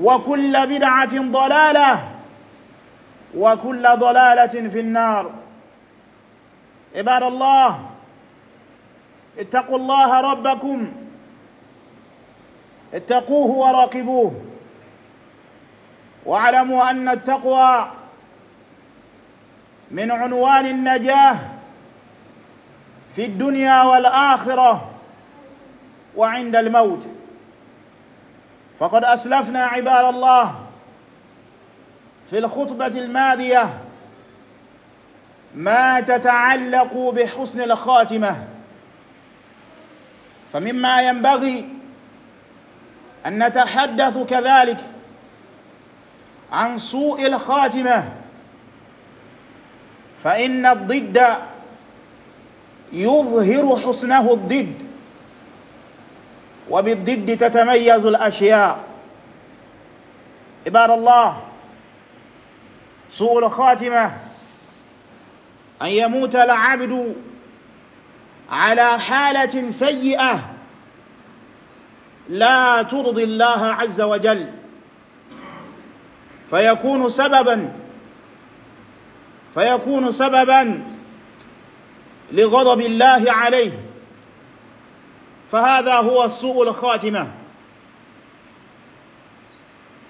وكل بدعة ضلالة وكل ضلالة في النار عباد الله اتقوا الله ربكم اتقوه وراقبوه واعلموا أن التقوى من عنوان النجاة في الدنيا والآخرة وعند الموت فقد أسلفنا عباد الله في الخطبة الماضية ما تتعلق بحسن الخاتمة فمما ينبغي أن نتحدث كذلك عن سوء الخاتمة فإن الضد يظهر حسنه الضد وبالضد تتميز الأشياء عباد الله سوء الخاتمة أن يموت العبد على حالة سيئة لا ترضي الله عز وجل فيكون سببا فيكون سببا لغضب الله عليه فهذا هو سوء الخاتمة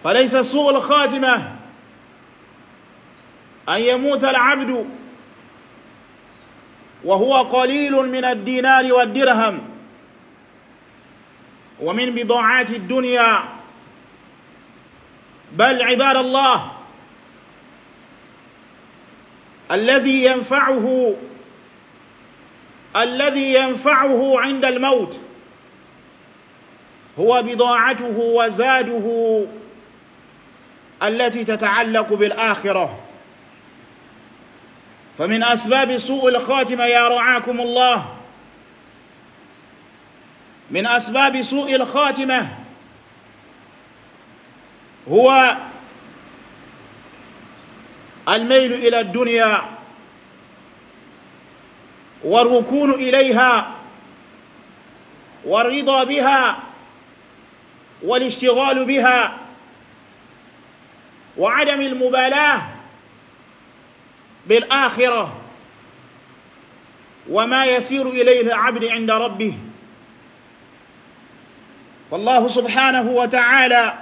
فليس سوء الخاتمة أن يموت العبد وهو قليل من الدينار والدرهم ومن بضاعات الدنيا بل عباد الله الذي ينفعه الذي ينفعه عند الموت هو بضاعته وزاده التي تتعلق بالآخرة فمن أسباب سوء الخاتمة يا رعاكم الله من أسباب سوء الخاتمة هو الميل إلى الدنيا والركون إليها والرضا بها والاشتغال بها وعدم المبالاة بالآخرة وما يسير إليه العبد عند ربه والله سبحانه وتعالى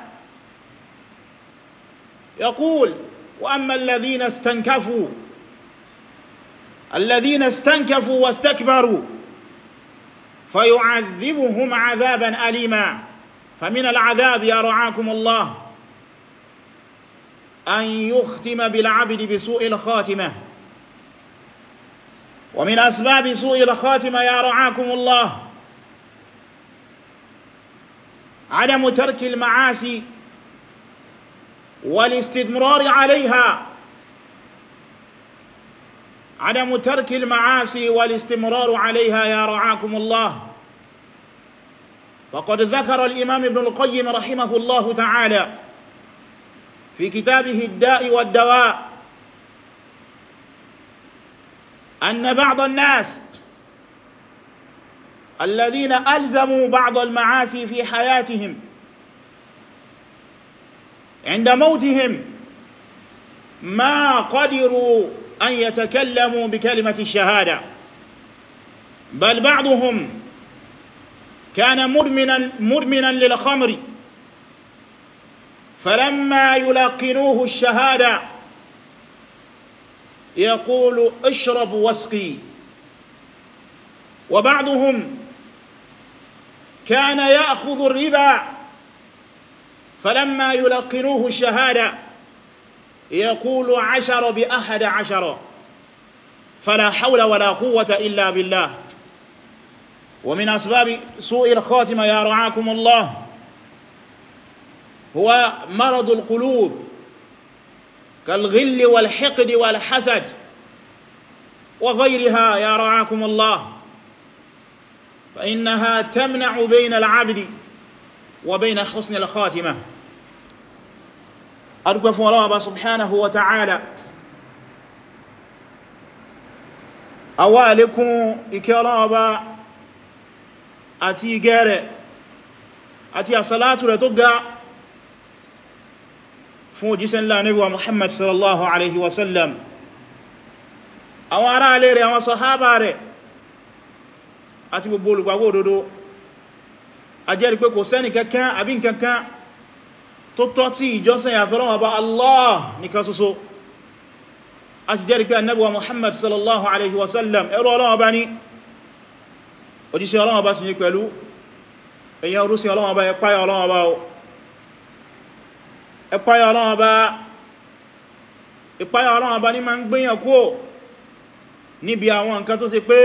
يقول وأما الذين استنكفوا الذين استنكفوا واستكبروا فيعذبهم عذابا أليماً فمن العذاب يا رعاكم الله أن يختم بالعبد بسوء الخاتمة ومن أسباب سوء الخاتمة يا رعاكم الله عدم ترك المعاصي والاستمرار عليها عدم ترك المعاصي والاستمرار عليها يا رعاكم الله وقد ذكر الإمام ابن القيم رحمه الله تعالى في كتابه الداء والدواء أن بعض الناس الذين ألزموا بعض المعاصي في حياتهم عند موتهم ما قدروا أن يتكلموا بكلمة الشهادة بل بعضهم كان مدمنا مدمنا للخمر فلما يلقنوه الشهادة يقول اشرب واسقي وبعضهم كان يأخذ الربا فلما يلقنوه الشهادة يقول عشر بأحد عشر فلا حول ولا قوة إلا بالله ومن أسباب سوء الخاتمة يا رعاكم الله هو مرض القلوب كالغل والحقد والحسد وغيرها يا رعاكم الله فإنها تمنع بين العبد وبين حسن الخاتمة أرقف رابا سبحانه وتعالى أوالكم إكرابا àti igẹ́ rẹ̀ àti àsàlátù rẹ̀ tó ga fún òjíṣẹ́ ńlá níbi wa Muhammad sallallahu alaihi wasallam àwọn ará alẹ́ rẹ̀ àwọn sàhábà rẹ̀ àti gbogbo olùgbàgbọ́ òdodo a jẹ́rìí pé kò sẹ́ni kankan àbí kankan tó tọ́ sí ìjọsìn àfẹ́ràn ọba Allah nìkan ṣoṣo a sì jẹ́rìí pé annabuwa Muhammad sallallahu alaihi wasallam ẹrú Ọlọ́run ọba ni òjíṣẹ́ Ọlọ́run bá sì yí pẹ̀lú èyàn orúsí Ọlọ́run bá ẹpáyà Ọlọ́run bá o ẹpáyà Ọlọ́run bá ìpáyà Ọlọ́run bá ní ma ń gbéyàn kó níbi àwọn nǹkan tó ṣe pé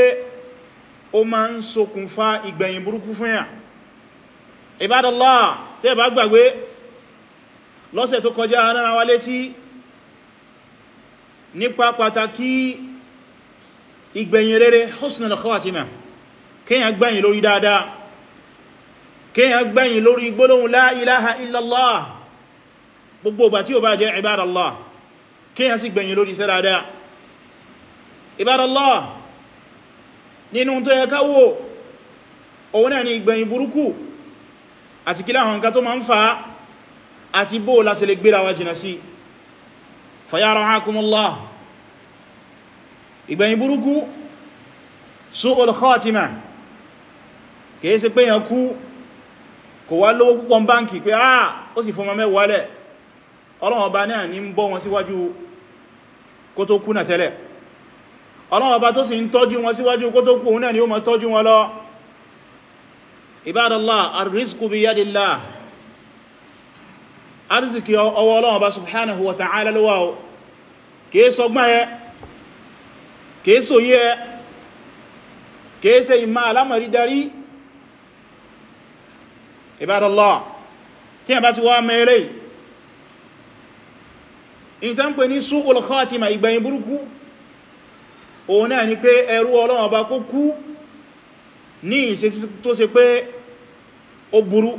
ó ma ń ṣokùnfà ìgbẹ̀yìn burúkú fún yà Ibadallah tẹ́ bá gbàgbé lọ́sẹ̀ tó kọjá náà wá kíyàn gbẹ̀yìn lórí dáadáa kíyàn gbẹ̀yìn lórí gbólóhùn la ilaha illallah gbogbo ọba tí ó bá jẹ́ ibadallah kíyàn sì gbẹ̀yìn lórí iṣẹ́ dáadáa ibadallah nínú tó yẹ káwò òun náà ni ìgbẹ̀yìn burúkú àti kí láwọn nǹkan tó ma ń fa àti bó lásìlẹ̀ gbéra wa su'ul khatimah kìí ṣe pé yàn kú kò wá lówó púpọ̀ báǹkì pé ah ó sì fọmọ mẹ́wàá lẹ̀ Ọlọ́run Ọba náà ní ń bọ́ wọn síwájú kó tó kú náà tẹ́lẹ̀ Ọlọ́run Ọba tó sì ń tọ́jú wọn síwájú kó tó kú náà ni ó máa tọ́jú wọn lọ Ibadallah ìmá alámọ̀rí darí Ibadallah tí a bá ti wá mẹ́rẹ́ ìta ń pè ní su'ul khatima ìgbẹ̀yìn burúkú òun náà ni pé ẹrú Ọlọ́run bá kó kú ní ìṣesí tó ṣe pé ó burú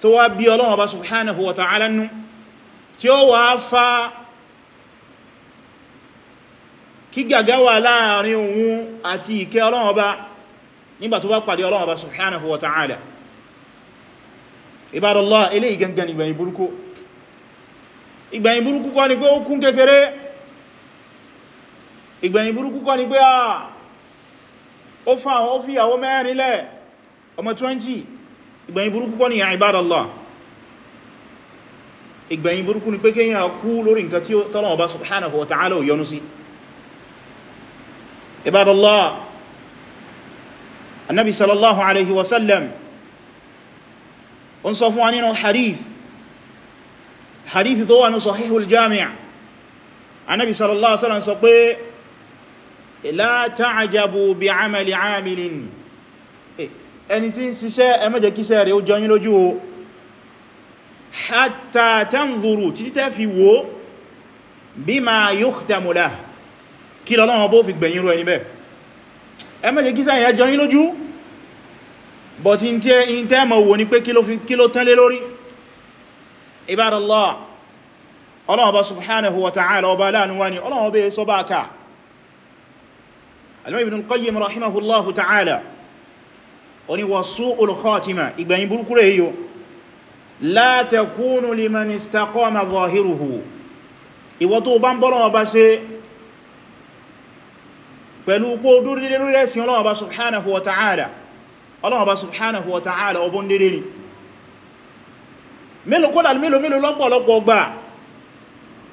tó wá bí Ọlọ́run bá subhanahu wa ta'ala tí ó wá fa kí gàgá láàrin òun àti ìkẹ́ Ọlọ́run bá nígbà tó bá pàdé Ọlọ́run bá subhanahu wa ta'ala ìbádọ́lá ilé ìgangan ìgbẹ̀yìn burúkú ìgbẹ̀yìn burúkú kọ́ ni pé ó kún kékeré ìgbẹ̀yìn burúkú kọ́ ni pé à ah, ó fà ó fi ìyàwó mẹ́rin lẹ̀ ọmọ 20 ìgbẹ̀yìn burúkú kọ́ ni ìbádọ́lá ìgbẹ̀yìn burúkú ni pé kéèyàn kú lórí nǹkan tí Ọlọ́run Ọba subhanahu wa ta'ala ò ó ń sọ fún wa nínú hadith hadith tó wà ní sahihul jami'a anábi sallallahu alaihi wasallam sọ pé la ta'jabu bi amali amilin eh, ẹni tí ń ṣiṣẹ́ ẹ má jẹ́ kíṣẹ́ rẹ̀ ó jọ yín lójú o hatta tanzuru títí tẹ́ fi wo bima yukhtamu lahu kí lọ́lọ́wọ́ bó fi gbẹ̀yìn rú ẹni bẹ́ẹ̀ jọ yín lójú but in tẹ́ mọ̀ wò ní pé kí ló tán lé lórí ibadallah ọlọ́wọ́ bá subhanahu wa ta'ala ọba aláàánúwá ni ọlọ́wọ́ bá sọ bá ká alimọ́ ibn al-qayyim rahimahullahu ta'ala oni wa su'ul khatima ìgbẹ̀yìn burúkúrò yíò la takunu liman istaqama zahiruhu ìwọ tó bá ń bọ́lọ́wọ́ bá ṣe pẹ̀lú kó dúrú lórí ẹ̀sìn ọlọ́wọ́ bá subhanahu wa ta'ala ọlọ́wọ́ bá subhanahu wa ta'ala ọbọ́n dédé ni mélòó kọ́lá mélòó mélòó lọ́pọ̀lọpọ̀ gbà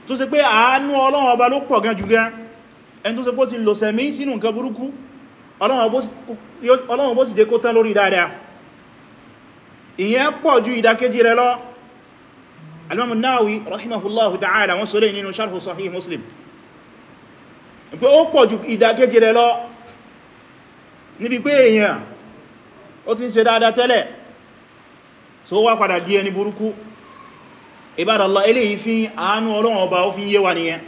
tó ṣe pé àánú ọlọ́wọ́ bá ló pọ̀ gan jù gan ẹni tó ṣe pó ti lò sẹ̀mí sínú nǹkan burúkú ọlọ́wọ́ bó sì jẹ́ kó tán lórí dáadáa ìyẹn pọ̀ ju ìdákejì rẹ̀ lọ alimamu nawi rahimahullahu ta'ala wọ́n sọ́lẹ̀ níbi pé èèyàn ó ti ń ṣe dáadáa tẹ́lẹ̀ so wá padà di ẹni burúkú Ibadallah eléyìí fi àánú Ọlọ́run ọba ó fi yé wa nìyẹn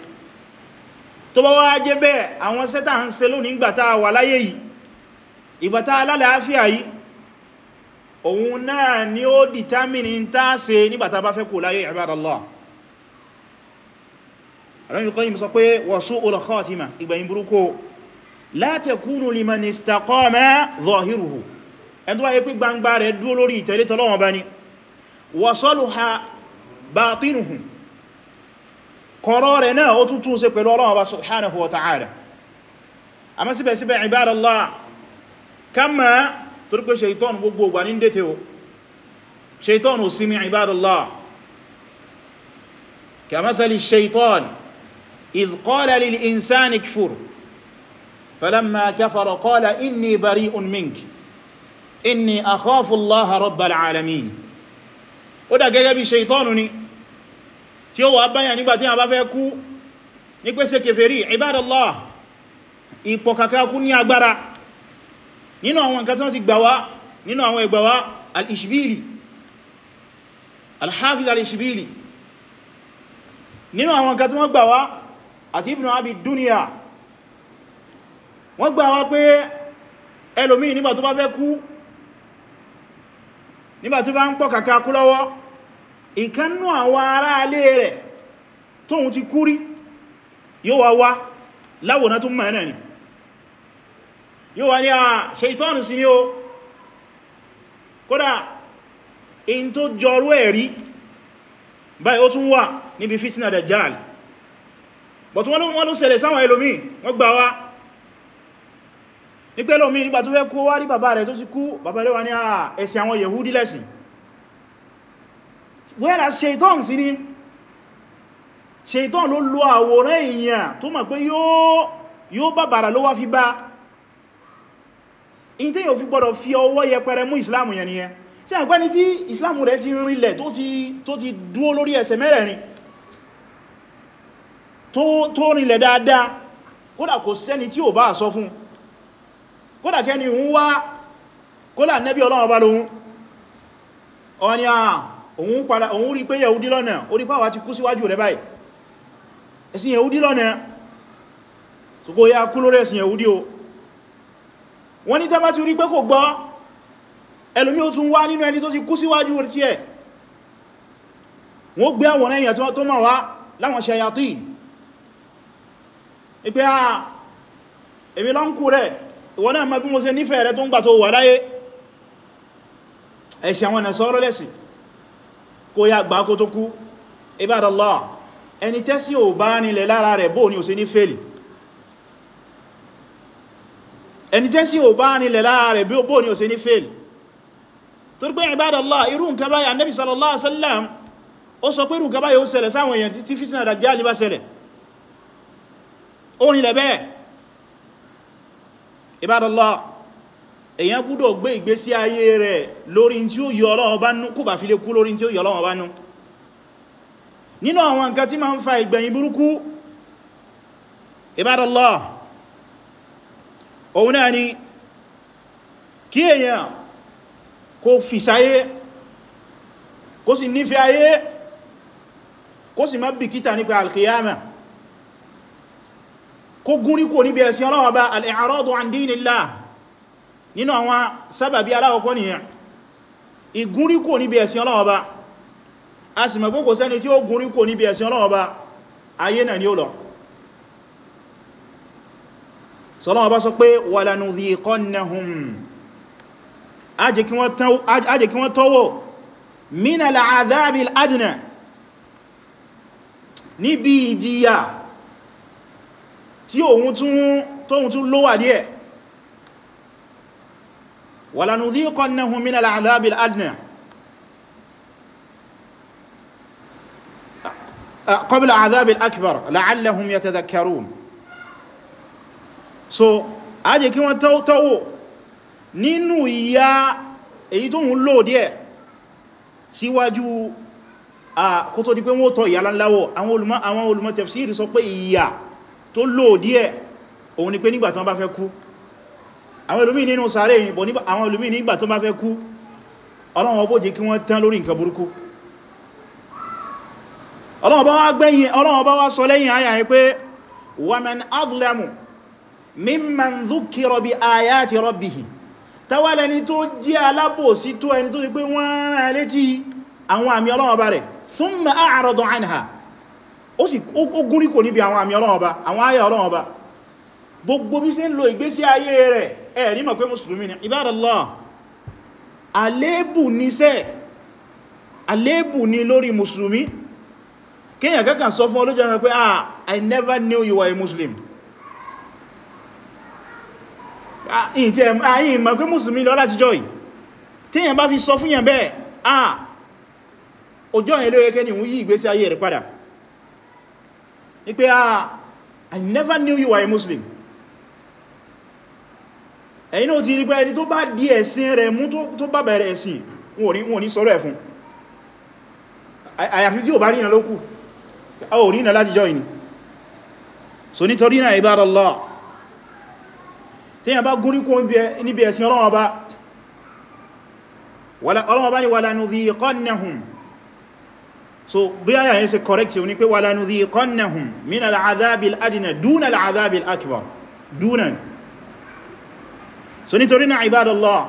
tó bá wá jẹ́ bẹ́ẹ̀ àwọn sẹ́tà ń ṣe lónìí ìgbàtà wà láyé yìí ìgbàtà alálàáfíà yìí òun náà ni ó dìtámìnì ń tá ṣe nígbàtà bá fẹ́ kò láyé Ibadallah Ibn Qayyim liman istaqama zahiruhu ẹn tó wáyé pé gbangba rẹ̀ dúó lórí ìtẹ̀lé tọ́lọ́wọ́n bá ní ha bá tínú batinuhum kọ̀rọ̀ rẹ̀ náà ó tún tún ṣe pẹ̀lú ọlọ́wọ́n wa subhanahu wa ta'ala àmọ́ síbẹ̀síbẹ̀ ibadallah kama torí pé inni akhafullaha rabbal alamin ó dà gẹ́gẹ́ bí ṣeitọ́nù ni tí ó wà báyà nígbàtí a bá fẹ́ kú ní pèsè kèfèrí ibadallah ìpọ̀kàkàkú ní agbára nínú àwọn nǹkan tí wọ́n sì gbàwá nínú àwọn ìgbàwá al-ishbili al-hafiz al-ishbili nínú àwọn nǹkan tí wọ́n gbàwá àti ibn ẹlòmí nígbà tó bá fẹ́ kú nígbàtí bá ń pọ̀ kàkàkú lọ́wọ́ ìkannú àwọn ará alé rẹ̀ tóhun ti kúrí yóò wá wá láwòrán tó mọ̀ náà ni yóò wá ní a ṣaitọ́nù sí ní o kódà in tó jọrú ẹ̀rí báyìí ó tún wà níbi fitna Dajjal but wọ́n ló ṣẹlẹ̀ sáwọn ẹlòmí wọ́n ní pẹ́lọ mi nígbà tó fẹ́ kó wá rí bàbá rẹ̀ tó ti kú bàbá rẹ̀ wà ní ẹ̀sìn àwọn yẹ̀húdí lẹ́sìn wẹ́rà ṣeitán sí ní ṣeitán ló lo àwòrán èèyàn tó mọ̀ pé yóò bàbàrà ló wá fi bá in tí yóò fi gbọ́dọ̀ fi ọwọ́ yẹpẹrẹ mú ìsìláàmù yẹn nìyẹn sí àpẹ́ ní tí ìsìláàmù rẹ̀ ti kódà kò sẹ́ni tí ò bá sọ fún kódà kẹni ń wá kódà nẹ́bí ọlọ́wọ́ bá lóhun ọwọ́n ni àà ah, òun padà òun rí pé yẹ̀údí lọ́nà orí pàwà ti kú síwájú rẹ̀ báyìí ẹ̀sìn yẹ̀údí lọ́nà so kó yá kú lórí ẹ̀sìn yẹ̀údí o wọ́n ní tẹ́bá ti rí pé kò gbọ́ ah, kú rẹ̀ ìwọ náà ma bí mo ṣe nífẹ̀ẹ́ rẹ tó ń gbà tó wà láyé ẹ̀ṣẹ̀ àwọn ẹ̀sọ́rọ̀ lẹ́sìn kó yá gbà kó tó kú Ibadallah ẹni tẹ́sí ò bá nílẹ̀ lára rẹ̀ bóò ni ò ṣe ní fèlì ẹni tẹ́sí ò bá nílẹ̀ lára rẹ̀ bóò ni ò ṣe ní fèlì torí pé Ibadallah irú nǹkan báyìí Ànábì sallallahu alaihi ó sọ pé irú nǹkan báyìí ó ṣẹlẹ̀ sáwọn èèyàn tí fìtínà Dajjal bá ṣẹlẹ̀ ó nílẹ̀ bẹ́ẹ̀ Ibadallah èyàn gbúdọ̀ gbé ìgbésí ayé rẹ̀ lórí tí ó yọ Ọlọ́run bá nú kò bá fi lè kú lórí tí ó yọ Ọlọ́run bá nú nínú àwọn nǹkan tí ma ń fa ìgbẹ̀yìn burúkú Ibadallah òun náà ni kí èyàn kó fìsáyé kó sì nífẹ́ ayé kó sì má bìkítà nípa alkiyama kó gúnrí kò níbi ẹ̀sìn Ọlọ́run Ọba al-i'radu 'an dinillah nínú àwọn sábàbí aláwọ̀kọ́ nìyàn ìgúnrí kò níbi ẹ̀sìn Ọlọ́run Ọba a sì mọ̀ pé kò sẹ́ni tí ó gúnrí níbi ẹ̀sìn Ọlọ́run Ọba ayé náà ni ó níbi ìjìyà tí òun tóhun tún lówà díẹ̀ walanudhiqannahum min al'adhabil adna qabla al'adhabil akbar la'allahum yatadhakkarun so a jẹ́ kí wọ́n tọ́wọ́ nínú ìyà èyí tó ń lò díẹ̀ síwájú kó tó di pé wọ́n tọ́ ìyà àwọn olùmọ̀ tafsiri sọ pé ìyà tó lò díẹ̀ òun ni pé nígbà tí wọ́n bá fẹ́ kú àwọn ẹlòmí nínú sàárè ìbò àwọn ẹlòmí nígbà tí wọ́n bá fẹ́ kú ọlọ́run ọbó jẹ́ kí wọ́n tán lórí nǹkan burúkú ọlọ́run ọba wá sọ lẹ́yìn ayà yìí pé waman azlamu mimman dhukira bi ayati rabbihi tawalẹni tó ó sì ó gúnrí kò níbi àwọn àmì Ọlọ́run Ọba àwọn ayà Ọlọ́run Ọba gbogbo bí ṣe ń lo ìgbésí ayé rẹ̀ ẹ̀ ní mọ̀ pé mùsùlùmí ni Ibadallah àléébù ní sẹ́ àléébù ní lórí mùsùlùmí kíyàn kankan sọ fún olójọ́ rẹ̀ pé ah I never knew you were a Muslim àyìn ah, ah, mọ̀ pé mùsùlùmí lọ láti jọ́ yìí tíyàn bá fi sọ fún yàn bẹ́ẹ̀ ah ọjọ́ yẹn ló yẹ kẹ́ ni òun ìgbésí ayé rẹ̀ padà ní pé ah I never knew you were a Muslim ẹ̀yin náà ti rí pé ẹni tó bá di ẹ̀sìn rẹ̀ mú tó bá bẹ̀rẹ̀ ẹ̀sìn wọn ò ní sọ̀rọ̀ ẹ̀ fún àyàfi tí ò bá rínà lókù a ò rínà láti jọ ìní so nítorí náà ibadallah tíyàn bá gúnrí kó níbi ẹ̀sìn ọlọ́wọ́ bá so bí àyà yẹn ṣe correct ní pé wala nudhiqannahum min al-'adhabi al-adna duna al so nítorí náà ibadallah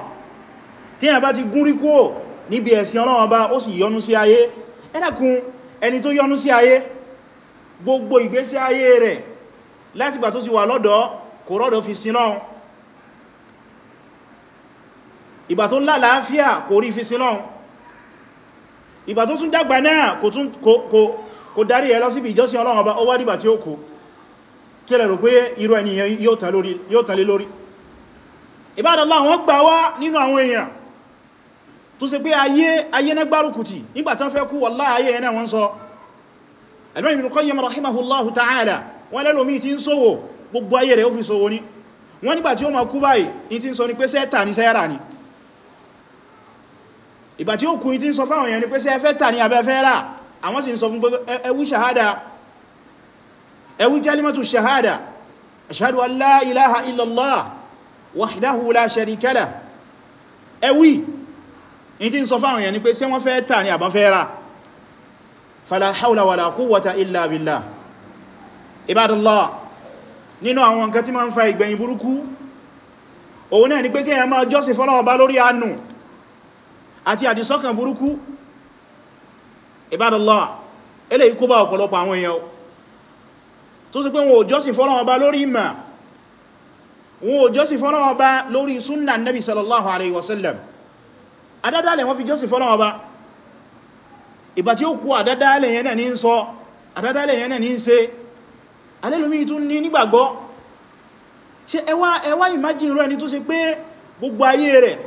tí a bá ti gún rí kó níbi ẹ̀sìn Ọlọ́run bá ó sì yọnú sí ayé ẹnàkún ẹni tó yọnú sí ayé gbogbo ìgbésí ayé rẹ̀ láti gbà tó sì wà lọ́dọ̀ kò rọ́dọ̀ fi sin ìgbà tó lálàáfíà kò rí fi sin ìgbà tó tún dàgbà náà kò darí ẹ lọ síbi ìjọsìn Ọlọ́run ọba ó wá dìgbà tí ó kó kílẹ̀ rò pé irú ẹniyàn yóò tàlé lórí ìbádọ́lá wọn gbà wá nínú àwọn èèyàn tó ṣe pé ayé ayé náà gbárùkùtì nígbà tán fẹ́ kú wallahi ayé ẹ̀nà wọn sọ Al-Imam Ibn Qayyim rahimahullahu ta'ala wọ́n lẹ́lòmí tí ń sówò gbogbo ayé rẹ̀ ó wọ́n sọ ìgbà tí ó kú yí tí ń sọ fáwọn èèyàn ni pé ṣé ẹ fẹ́ tà ní abẹ́ fẹ́ rà àwọn sì ń sọ fún pé ẹ wí ṣàhádà ẹ wí kalimatu ṣàhádà ashhadu an la ilaha illallah wahdahu la sharika lah ẹ wí ní tí ń sọ fáwọn èèyàn ni pé ṣé wọ́n fẹ́ tà ní òun náà ni pé kí èèyàn máa jọ́sìn fọ́lọ́wọ́ bá lórí àánú àti àdìsọ́kàn burúkú ibadallah eléyìí kó bá ọ̀pọ̀lọpọ̀ àwọn èèyàn tó sì pé wọn ò jọ́sìn fọ́lọ́run ọba lórí ìmà wọn ò jọ́sìn fọ́lọ́run ọba lórí súnnà nabi sallallahu alaihi wasallam adádálẹ̀ wọ́n fi jọ́sìn fọ́lọ́run ọba ìbà tí ó kú àdádálẹ̀ yẹn náà ní ń sọ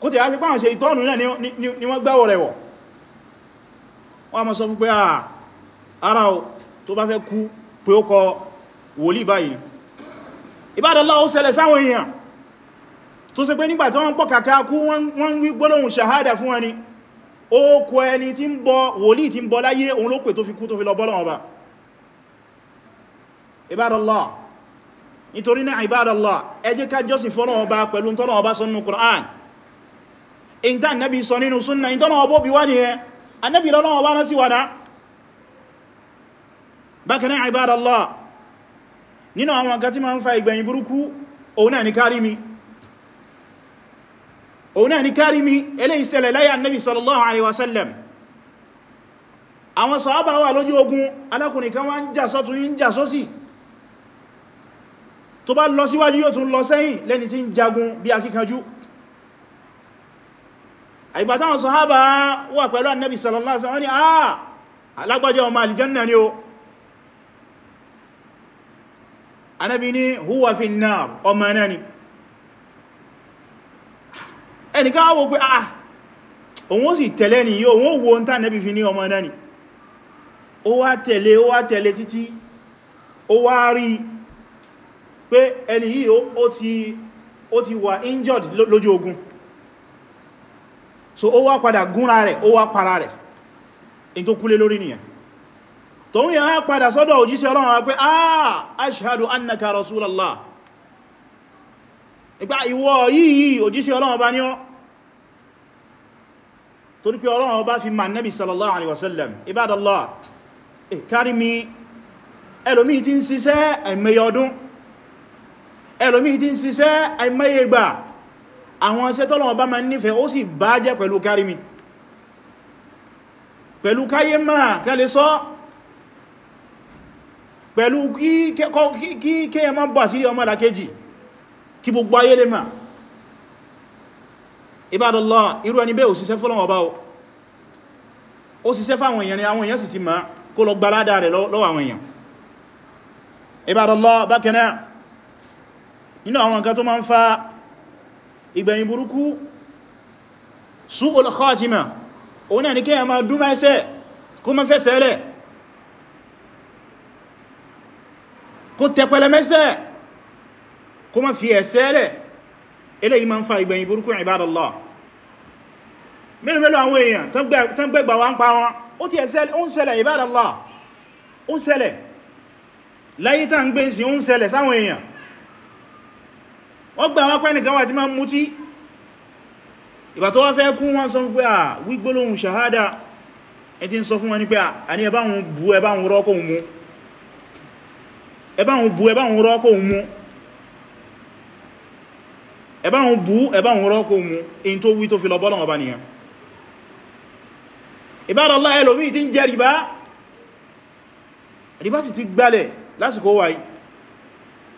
kó tí a ṣe páwọn ṣe ìtọ́nù náà ni wọ́n gbáwọ̀ rẹ̀ wọ̀ wọ́n ma sọ fún pé ah, ara o tó bá fẹ́ kú pé ó kọ wòlíì báyìí ìbádọ́lá ó ṣẹlẹ̀ sáwọn èèyàn tó ṣe pé nígbàtí wọ́n pọ̀ kàkà kú wọ́n wí gbólóhùn ṣàhádà fún ẹni ó kọ ẹni tí ń bọ wòlíì tí ń bọ láyé òun ló pè tó fi kú nítorí náà ìbádọ́lá ẹ ká jọ́sìn fọ́lọ́ ọba pẹ̀lú tọ́lọ́ ọba sọ́nù Qur'an in ta nabi sọ nínú súnnà in tọ́nà ọbọ̀ bí wá ní ẹ annabi lọ́nà ọba rán sí wàdá bákaná ibadallah nínú àwọn nǹkan tí ma ń fa ìgbẹ̀yìn burúkú òun náà ni kárí mi òun náà ni kárí mi eléyìí ṣẹlẹ̀ láyé annabi sallallahu àìgbà táwọn sàhábà wà pẹ̀lú annabi sallallahu alaihi wasallam ní àà alágbàjẹ́ ọmọ alìjanna ni o annabi ni huwa fi náà ọmọ náà ni ẹnìkan á wò pé àà òun ó sì tẹ̀lé ni yóò wọ́n wo ń tà annabi fi ní ọmọ náà ni ó wá tẹ̀lé ó wá tẹ̀lé títí ó wá rí pé ẹni yìí ó ti wà injured lójú ogun lo, so ó wá padà gúnra rẹ̀ ó wá para rẹ̀ in tó kúlé lórí nìyẹn tó ń yẹn á padà sọ́dọ̀ òjíṣẹ́ Ọlọ́run wá pé ah ashhadu annaka rasulallah ìgbà ìwọ yìí òjíṣẹ́ Ọlọ́run bá ní ọ́ torí pé Ọlọ́run bá fi ma nabi sallallahu alaihi wasallam àwọn iṣẹ́ tọ́lọ̀wọ́ bá ma nífẹ̀ẹ́ ó sì bá jẹ́ pẹ̀lú kárimi pẹ̀lú káyé máa kẹ́lẹ̀ sọ pẹ̀lú kí kéyẹ má bà sílé ọmọ làkejì kí gbogbo ayé lè máa Ibadallah irú ẹni bẹ́ẹ̀ òṣìṣẹ́ fọ́lọ̀wọ́ bá ó ṣiṣẹ́ fáwọn èèyàn ni àwọn èèyàn sì ti máa kó ìgbẹ̀yìn burúkú su'ul khatima òun náà ní kí a máa dúnmọ́ ẹsẹ̀ kó mọ́ fẹ́sẹ̀ rẹ̀ kó tẹpẹlẹmẹsẹ̀ kó mọ́ fi ẹsẹ̀ rẹ̀ eléyìí máa ń fa ìgbẹ̀yìn burúkú ibadallah mélòó mélòó àwọn èèyàn tán gbẹ̀gbà wá ń pa wọn wọ́n gbà wọ́n pẹ́ nìkan wà tí ma ń mutí ìgbà tó wá fẹ́ kú wọ́n sọ fún pé à wígbólóhùn ṣàhádà ẹ ti ń sọ fún wọn ní pé à ní ẹbáhùn bú ẹbáhùn rọ́kọ̀ mú ẹbáhùn bú ẹbáhùn rọ́kọ̀ mú ẹbáhùn bú ẹbáhùn rọ́kọ̀ mú èyí tó wí tó fi lọ bọ́lọ̀ ọba nìyàn ìbáraláà ẹlòmíì ti ń jẹ rìbá rìbá sì ti gbálẹ̀ lásìkò wáyí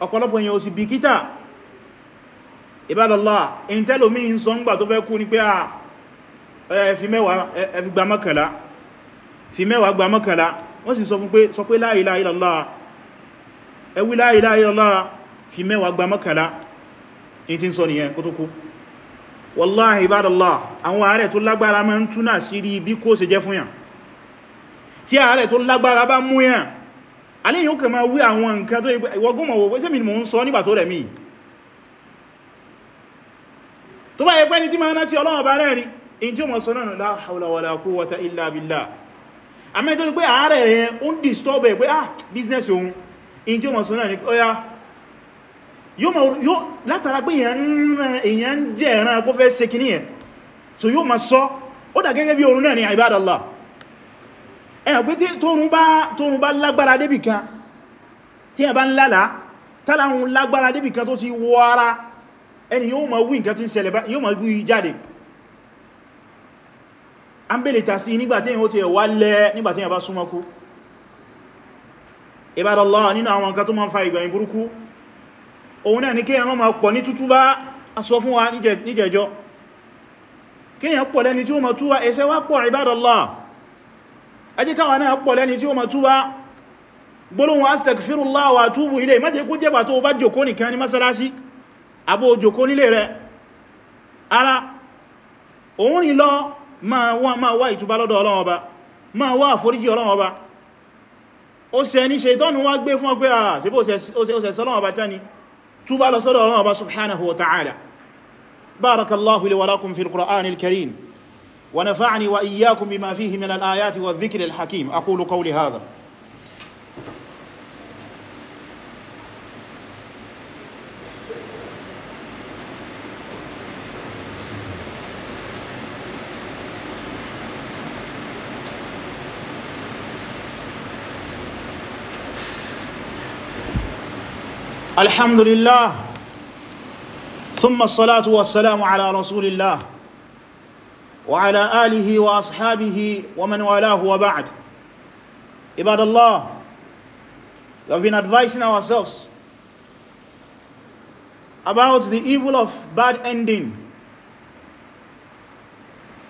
ọ̀pọ̀lọpọ̀ èèyàn ò sì bìkítà Ibadallah in tẹ́lò mí ń sọ ńgbà tó fẹ́ kú ní pé ah, à fi mẹ́wàá gba wọ́n sì sọ la ilaha illallah la ilaha illallah fi mẹ́wàá gba mọ́kànlá in ti ń sọ nìyẹn kó tó kú wallahi ibadallah àwọn ààrẹ tó lágbára máa ń túnà sí rí bí kó ṣe jẹ́ fún yàn tí ààrẹ tó lágbára bá mú yàn aléyìn sọ nígbà tó tó bá yẹ pé ní tí máa rántí Ọlọ́run bá rẹ̀ ní in tí ó mọ̀ sọ náà la hawla wala quwwata illa billah àmẹ́jọ́ pé ààrẹ yẹn ó ń disturb pé ah business ohun in tí ó mọ̀ sọ náà ni pé ah, ọya látara pé èyàn jẹ́ ẹ̀ràn kó fẹ́ ṣe kìní ẹ̀ so yóò mọ̀ sọ ó dà gẹ́gẹ́ bí orun náà ni ibadallah ẹni yóò máa wí nǹkan tí ń ṣẹlẹ̀ bá yóò máa wí jáde a ń bèèrè tàsí nígbàtí èyàn ó ti ẹ̀wà lẹ́ nígbàtí èyàn bá súnmọ́ kú Ibadallah nínú àwọn nǹkan tó máa ń fa ìgbẹ̀yìn burúkú òun náà ni kéèyàn máa pọ̀ ní tútú bá aṣọ fún wa níjẹjọ́ kéèyàn pọ̀ lẹ́ni tí ó máa túbá ẹ̀ṣẹ̀ wa pọ̀ àbó òjòkó nílé rẹ̀ ara òun rìn lọ máa wá máa wá ìtúbá lọ́dọ̀ Ọlọ́run Ọba máa wá àforíjì Ọlọ́run Ọba ó ṣe ní ṣe ìtọ́nù wá gbé fún ọgbé àà sí bó ṣe sọ́lọ́run Ọba tání túbá وإياكم بما فيه من الآيات والذكر الحكيم أقول هذا الحمد لله ثم الصلاة والسلام على رسول الله وعلى آله وأصحابه ومن والاه وبعد إباد الله. we have been advising ourselves about the evil of bad ending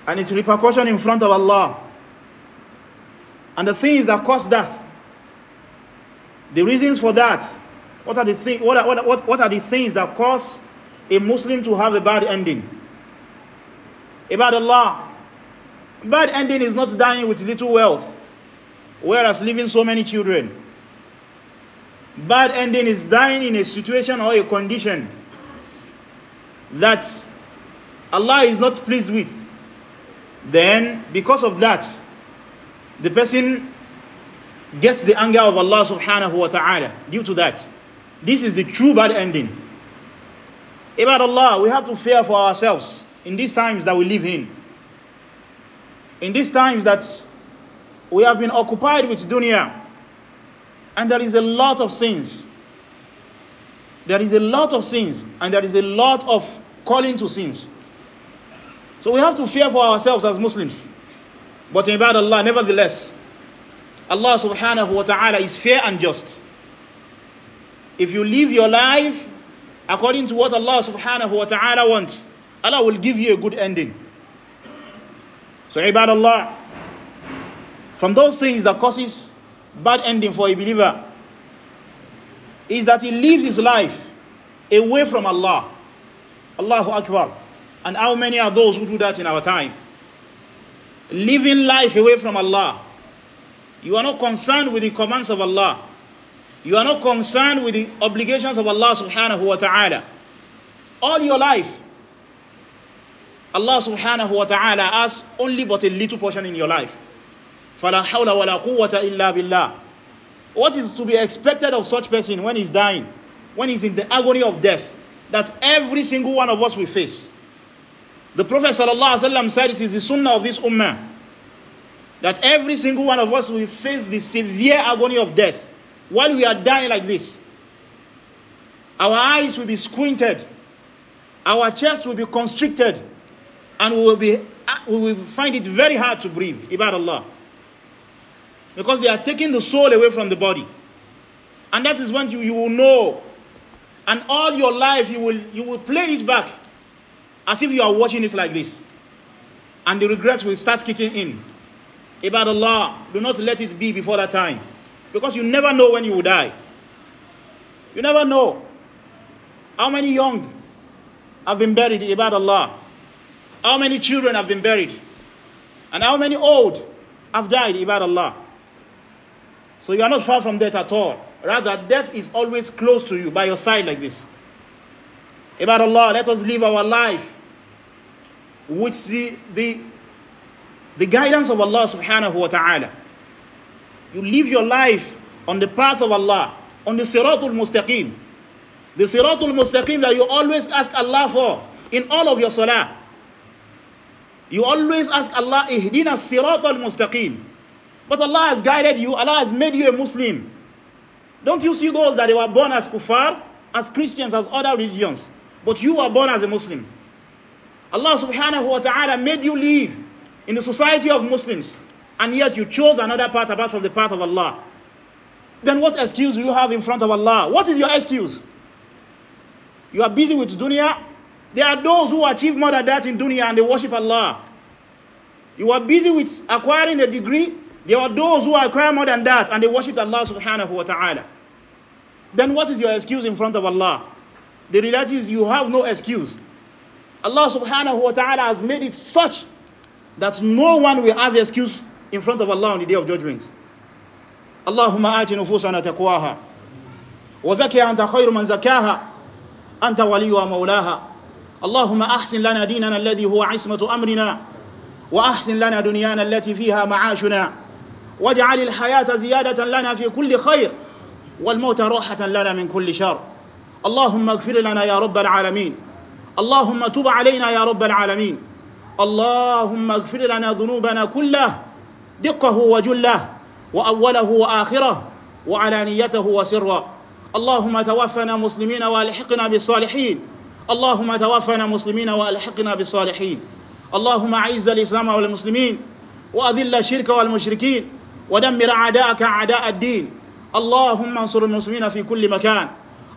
and its repercussion in front of Allah and the things that cause that the reasons for that What are the thing, what are, what, what, are the things that cause a Muslim to have a bad ending? About Allah. Bad ending is not dying with little wealth, whereas leaving so many children. Bad ending is dying in a situation or a condition that Allah is not pleased with. Then, because of that, the person gets the anger of Allah subhanahu wa ta'ala due to that. This is the true bad ending. About Allah, we have to fear for ourselves in these times that we live in. In these times that we have been occupied with dunya, and there is a lot of sins. There is a lot of sins, and there is a lot of calling to sins. So we have to fear for ourselves as Muslims. But in Allah, nevertheless, Allah subhanahu wa ta'ala is fair and just. if you live your life according to what Allah subhanahu wa ta'ala wants Allah will give you a good ending so Allah. from those things that causes bad ending for a believer is that he lives his life away from Allah Allahu Akbar and how many are those who do that in our time living life away from Allah you are not concerned with the commands of Allah You are not concerned with the obligations of Allah subhanahu wa ta'ala. All your life, Allah subhanahu wa ta'ala has only but a little portion in your life. فَلَا حَوْلَ وَلَا قُوَّةَ إِلَّا بِاللَّهِ What is to be expected of such person when he's dying, when he's in the agony of death, that every single one of us will face? The Prophet sallallahu alaihi wasallam said it is the sunnah of this ummah that every single one of us will face the severe agony of death while we are dying like this. Our eyes will be squinted, our chest will be constricted, and we will, be, we will find it very hard to breathe. Ibad Allah. Because they are taking the soul away from the body. And that is when you, you will know. And all your life you will you will play it back as if you are watching it like this. And the regrets will start kicking in. Ibad Allah, do not let it be before that time. Because you never know when you will die. You never know. How many young have been buried, Ibad Allah? How many children have been buried? And how many old have died, Ibad Allah? So you are not far from death at all. Rather, death is always close to you, by your side like this. Ibad Allah, let us live our life with the, the, the guidance of Allah subhanahu wa ta'ala you live your life on the path of Allah, on the Siratul Mustaqim. The Siratul Mustaqim that you always ask Allah for in all of your salah. You always ask Allah, Ihdina Siratul Mustaqim. But Allah has guided you, Allah has made you a Muslim. Don't you see those that they were born as kuffar, as Christians, as other religions, but you were born as a Muslim. Allah subhanahu wa ta'ala made you live in the society of Muslims and yet you chose another path apart from the path of Allah, then what excuse do you have in front of Allah? What is your excuse? You are busy with dunya. There are those who achieve more than that in dunya and they worship Allah. You are busy with acquiring a degree. There are those who acquire more than that and they worship Allah subhanahu wa ta'ala. Then what is your excuse in front of Allah? The reality is you have no excuse. Allah subhanahu wa ta'ala has made it such that no one will have excuse in front of Allah on the day of judgment اللهم آت نفوسنا تقواها وزكي أنت خير من زكاها أنت ولي ومولاها اللهم أحسن لنا ديننا الذي هو عصمة أمرنا وأحسن لنا دنيانا التي فيها معاشنا واجعل الحياة زيادة لنا في كل خير والموت راحة لنا من كل شر اللهم اغفر لنا يا رب العالمين اللهم تب علينا يا رب العالمين اللهم اغفر لنا ذنوبنا كلها دقه وجله وأوله وآخره وعلانيته وسره اللهم توفنا مسلمين والحقنا بالصالحين اللهم توفنا مسلمين والحقنا بالصالحين اللهم اعز الاسلام والمسلمين واذل الشرك والمشركين ودمر اعداءك اعداء الدين اللهم انصر المسلمين في كل مكان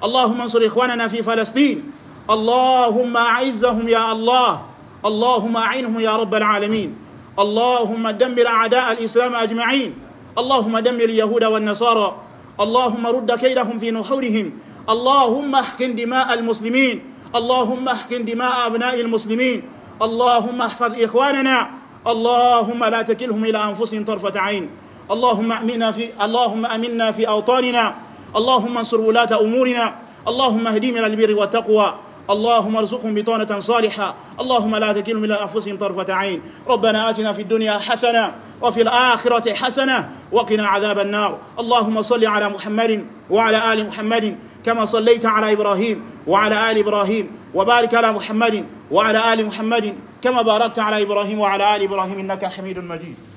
اللهم انصر اخواننا في فلسطين اللهم اعزهم يا الله اللهم عينهم يا رب العالمين اللهم دمر أعداء الإسلام أجمعين اللهم دمر اليهود والنصارى اللهم رد كيدهم في نحورهم اللهم احقن دماء المسلمين اللهم احقن دماء أبناء المسلمين اللهم احفظ إخواننا اللهم لا تكلهم إلى أنفسهم طرفة عين اللهم أمنا في اللهم أمنا في أوطاننا اللهم انصر ولاة أمورنا اللهم اهدهم إلى البر والتقوى اللهم ارزقهم بطانة صالحة اللهم لا تكلم إلى أنفسهم طرفة عين ربنا آتنا في الدنيا حسنة وفي الآخرة حسنة وقنا عذاب النار اللهم صل على محمد وعلى آل محمد كما صليت على إبراهيم وعلى آل إبراهيم وبارك على محمد وعلى آل محمد كما باركت على إبراهيم وعلى آل إبراهيم إنك حميد مجيد